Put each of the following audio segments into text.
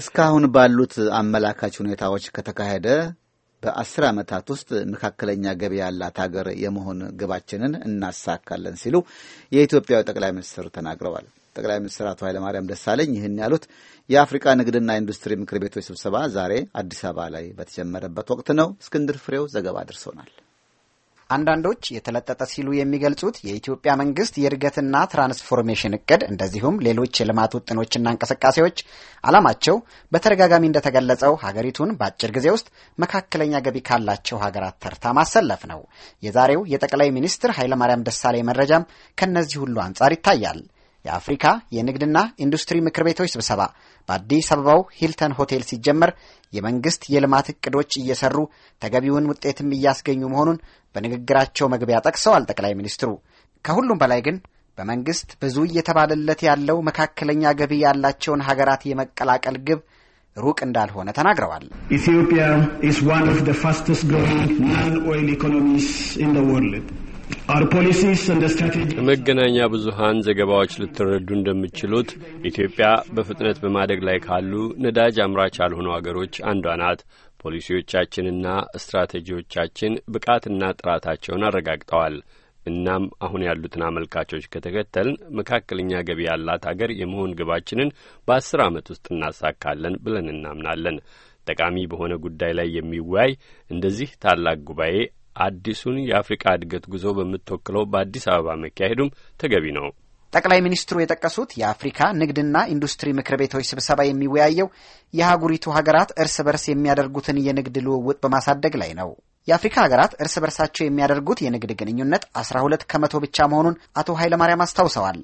እስካሁን ባሉት አመላካች ሁኔታዎች ከተካሄደ በአስር ዓመታት ውስጥ መካከለኛ ገቢ ያላት ሀገር የመሆን ግባችንን እናሳካለን ሲሉ የኢትዮጵያው ጠቅላይ ሚኒስትር ተናግረዋል። ጠቅላይ ሚኒስትር አቶ ኃይለማርያም ደሳለኝ ይህን ያሉት የአፍሪቃ ንግድና ኢንዱስትሪ ምክር ቤቶች ስብሰባ ዛሬ አዲስ አበባ ላይ በተጀመረበት ወቅት ነው። እስክንድር ፍሬው ዘገባ አድርሶናል። አንዳንዶች የተለጠጠ ሲሉ የሚገልጹት የኢትዮጵያ መንግስት የእድገትና ትራንስፎርሜሽን እቅድ እንደዚሁም ሌሎች የልማት ውጥኖችና እንቅስቃሴዎች አላማቸው በተደጋጋሚ እንደተገለጸው ሀገሪቱን በአጭር ጊዜ ውስጥ መካከለኛ ገቢ ካላቸው ሀገራት ተርታ ማሰለፍ ነው። የዛሬው የጠቅላይ ሚኒስትር ኃይለማርያም ደሳሌ መረጃም ከእነዚህ ሁሉ አንጻር ይታያል። የአፍሪካ የንግድና ኢንዱስትሪ ምክር ቤቶች ስብሰባ በአዲስ አበባው ሂልተን ሆቴል ሲጀመር የመንግስት የልማት እቅዶች እየሰሩ ተገቢውን ውጤትም እያስገኙ መሆኑን በንግግራቸው መግቢያ ጠቅሰዋል ጠቅላይ ሚኒስትሩ። ከሁሉም በላይ ግን በመንግስት ብዙ እየተባለለት ያለው መካከለኛ ገቢ ያላቸውን ሀገራት የመቀላቀል ግብ ሩቅ እንዳልሆነ ተናግረዋል። ኢትዮጵያ ኢዝ ዋን ኦፍ ዘ ፋስተስት ግሮዊንግ ናን ኦይል ኢኮኖሚስ ኢን ዘ ወርልድ መገናኛ ብዙሃን ዘገባዎች ልትረዱ እንደምትችሉት ኢትዮጵያ በፍጥነት በማደግ ላይ ካሉ ነዳጅ አምራች ያልሆኑ አገሮች አንዷ ናት። ፖሊሲዎቻችንና ስትራቴጂዎቻችን ብቃትና ጥራታቸውን አረጋግጠዋል። እናም አሁን ያሉትን አመልካቾች ከተከተልን መካከለኛ ገቢ ያላት አገር የመሆን ግባችንን በአስር ዓመት ውስጥ እናሳካለን ብለን እናምናለን። ጠቃሚ በሆነ ጉዳይ ላይ የሚወያይ እንደዚህ ታላቅ ጉባኤ አዲሱን የአፍሪቃ እድገት ጉዞ በምትወክለው በአዲስ አበባ መካሄዱም ተገቢ ነው። ጠቅላይ ሚኒስትሩ የጠቀሱት የአፍሪካ ንግድና ኢንዱስትሪ ምክር ቤቶች ስብሰባ የሚወያየው የአህጉሪቱ ሀገራት እርስ በርስ የሚያደርጉትን የንግድ ልውውጥ በማሳደግ ላይ ነው። የአፍሪካ ሀገራት እርስ በርሳቸው የሚያደርጉት የንግድ ግንኙነት 12 ከመቶ ብቻ መሆኑን አቶ ኃይለማርያም አስታውሰዋል።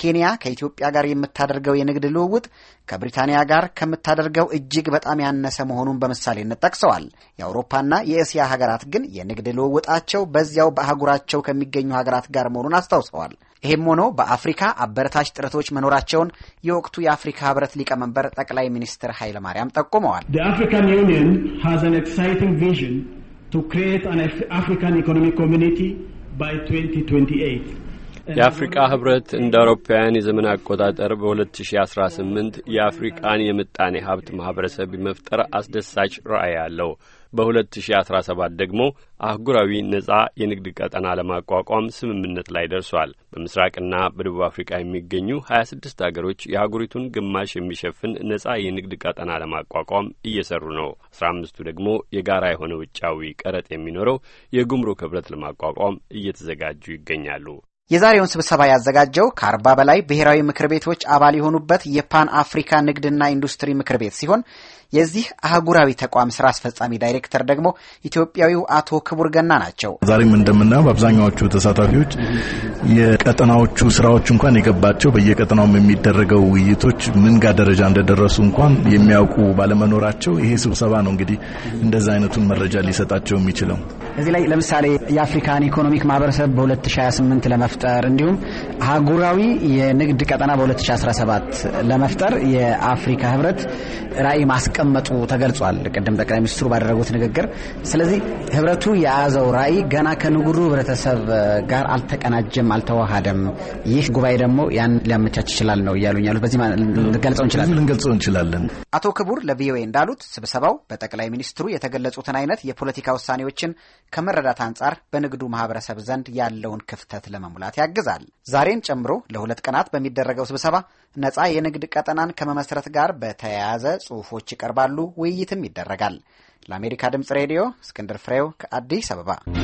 ኬንያ ከኢትዮጵያ ጋር የምታደርገው የንግድ ልውውጥ ከብሪታንያ ጋር ከምታደርገው እጅግ በጣም ያነሰ መሆኑን በምሳሌነት ጠቅሰዋል። የአውሮፓና የእስያ ሀገራት ግን የንግድ ልውውጣቸው በዚያው በአህጉራቸው ከሚገኙ ሀገራት ጋር መሆኑን አስታውሰዋል። ይህም ሆኖ በአፍሪካ አበረታች ጥረቶች መኖራቸውን የወቅቱ የአፍሪካ ህብረት ሊቀመንበር ጠቅላይ ሚኒስትር ኃይለማርያም ጠቁመዋል። ን የአፍሪቃ ህብረት እንደ አውሮፓውያን የዘመን አቆጣጠር በ2018 የአፍሪቃን የምጣኔ ሀብት ማህበረሰብ መፍጠር አስደሳች ራዕይ አለው። በ2017 ደግሞ አህጉራዊ ነጻ የንግድ ቀጠና ለማቋቋም ስምምነት ላይ ደርሷል። በምስራቅና በደቡብ አፍሪካ የሚገኙ 26 አገሮች የአህጉሪቱን ግማሽ የሚሸፍን ነጻ የንግድ ቀጠና ለማቋቋም እየሰሩ ነው። 15ቱ ደግሞ የጋራ የሆነ ውጫዊ ቀረጥ የሚኖረው የጉምሩክ ህብረት ለማቋቋም እየተዘጋጁ ይገኛሉ። የዛሬውን ስብሰባ ያዘጋጀው ከአርባ በላይ ብሔራዊ ምክር ቤቶች አባል የሆኑበት የፓን አፍሪካ ንግድና ኢንዱስትሪ ምክር ቤት ሲሆን የዚህ አህጉራዊ ተቋም ስራ አስፈጻሚ ዳይሬክተር ደግሞ ኢትዮጵያዊው አቶ ክቡር ገና ናቸው። ዛሬም እንደምናየው በአብዛኛዎቹ ተሳታፊዎች የቀጠናዎቹ ስራዎች እንኳን የገባቸው በየቀጠናውም የሚደረገው ውይይቶች ምን ጋር ደረጃ እንደደረሱ እንኳን የሚያውቁ ባለመኖራቸው ይሄ ስብሰባ ነው እንግዲህ እንደዚህ አይነቱን መረጃ ሊሰጣቸው የሚችለው። እዚህ ላይ ለምሳሌ የአፍሪካን ኢኮኖሚክ ማህበረሰብ በ2028 ለመፍጠር እንዲሁም አህጉራዊ የንግድ ቀጠና በ2017 ለመፍጠር የአፍሪካ ህብረት ራዕይ ማስቀመጡ ተገልጿል፣ ቅድም ጠቅላይ ሚኒስትሩ ባደረጉት ንግግር። ስለዚህ ህብረቱ የያዘው ራዕይ ገና ከንግዱ ህብረተሰብ ጋር አልተቀናጀም፣ አልተዋሃደም። ይህ ጉባኤ ደግሞ ያን ሊያመቻች ይችላል ነው እያሉኝ ያሉት። በዚህ ልንገልጸው እንችላለን ልንገልጸው እንችላለን። አቶ ክቡር ለቪኦኤ እንዳሉት ስብሰባው በጠቅላይ ሚኒስትሩ የተገለጹትን አይነት የፖለቲካ ውሳኔዎችን ከመረዳት አንጻር በንግዱ ማህበረሰብ ዘንድ ያለውን ክፍተት ለመሙላት ያግዛል ዛሬ ዩክሬን ጨምሮ ለሁለት ቀናት በሚደረገው ስብሰባ ነጻ የንግድ ቀጠናን ከመመስረት ጋር በተያያዘ ጽሑፎች ይቀርባሉ፣ ውይይትም ይደረጋል። ለአሜሪካ ድምጽ ሬዲዮ እስክንድር ፍሬው ከአዲስ አበባ